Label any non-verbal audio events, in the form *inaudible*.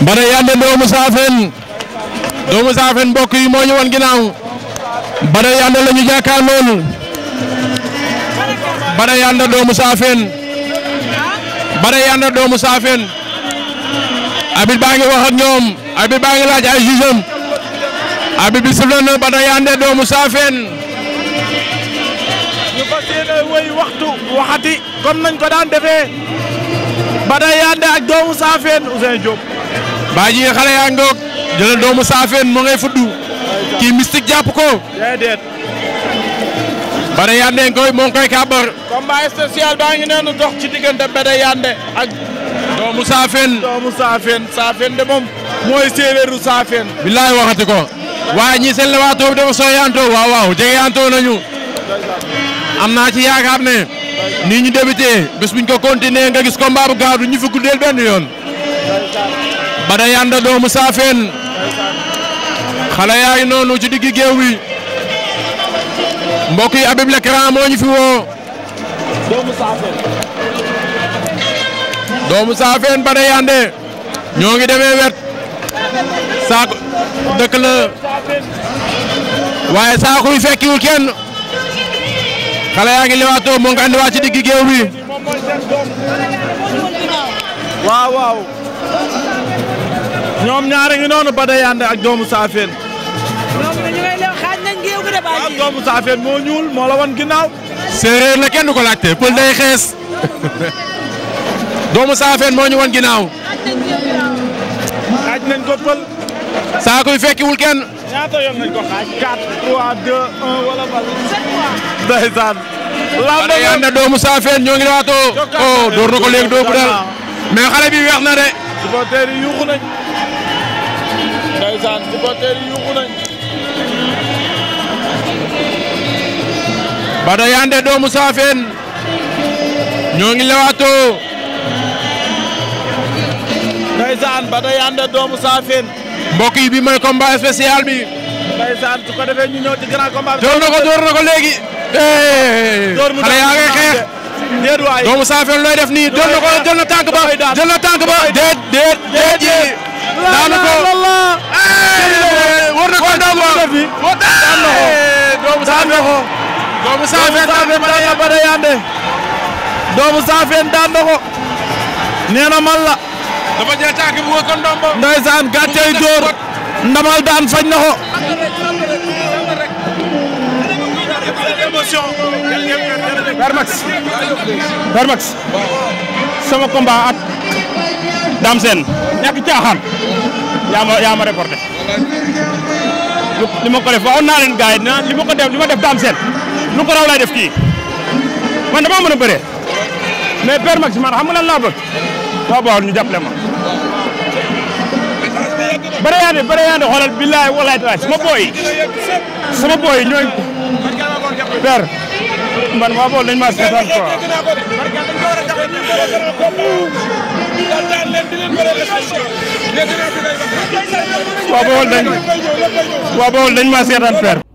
Mbada Yande doomu doomu Saafeen mbokk yi moo ñu wan ginnaaw Mbada Yande la ñu jàkkaarlool Mbada Yande doomu Saafeen Mbada Yande doomu Saafeen abit baa ngi ñoom abit baa ngi laaj ay jugeem abit bi sifle na Mbada Yande doomu Saafeen ñu fas yéene waxtu waxati comme nañ ko daan defee Mbada Yande ak doomu Saafeen Ousseyn Diop baa ji xale yaa ngoog jëlal doomu saafeen mu ngay fuddu kii mystique jàpp ko. déedéet. Bada Yande moo ngi koy kàbbar. combat spécial baa ngi neenu dox ci diggante Bada Yande ak. doomu saafeen doomu saafeen de moom mooy séeréeru saafeen. billaay waxati ko. waaye ñii seen lewaatoo bi dafa sooyaantoo waaw waaw jegeyaantoo nañu. am naa ci yaakaar ne. nii ñu débuté bés buñ ko continuer nga gis combat bu gaaw ñu fi guddeel benn yoon. Bada Yanda doomu Saafeen xale noonu ci diggi géew wi mbokk yi Habib Lecran fi woo doomu Saafeen doomu ñoo ngi demee wet saako dëkk la waaye saako yi fekkiwul kenn xale yaa ngi lewaatoo moo ngi ci diggi géew wi ñoom ñaare ngi noonu Bada Yande ak doomu Saafeen. ñoom de baa doomu Saafeen moo ñuul moo la wan ginnaaw. séeréer la kenn du ko laajte pël day xees. *laughs* doomu Saafeen moo ñu wan ginnaaw. xaaj nañ ko pël. saako yi fekkiwul kenn. ñaata yoon nañ ko xaaj. 4 doomu Saafeen ñoo ngi waatoo. oh door na ko léegi doo dal mais xale bi weex na de. ndeysaan supporter yi doomu Saafeen ñoo ngi lewaatoo ndeysaan Bada Yandé doomu Saafeen mbokk yi bi mooy combat spécial bi ndeysaan su ko defee ñu na ko door na ko léegi xale yaa ngay xeex doomu Saafeen looy def nii jël na ko jël na tànk ba jël na tànk daanu ko war na ko daan ko daan na na ko doomu saafeen daan na Bada ko nee na man la dafa jël ndamal daan fañ na ko Père Max Père Max sama at Dame Sène ñàkk caaxaan yaa ma yaa ma reporté li ma ko def waxoon naa leen gars yi na ma ko def li ma lu ko raw laay def kii man damaa mën a bëree mais père maximum xam nga laa bëgg waaw baaxul ñu jàppale ma. bëri naa ne bëri naa ne xoolal billaay walaay talaay sama booy sama booy ñooy père man waa boobu dañ maa seetaan quoi. waa Bawol dañ waa Bawol dañ maa seetaan fer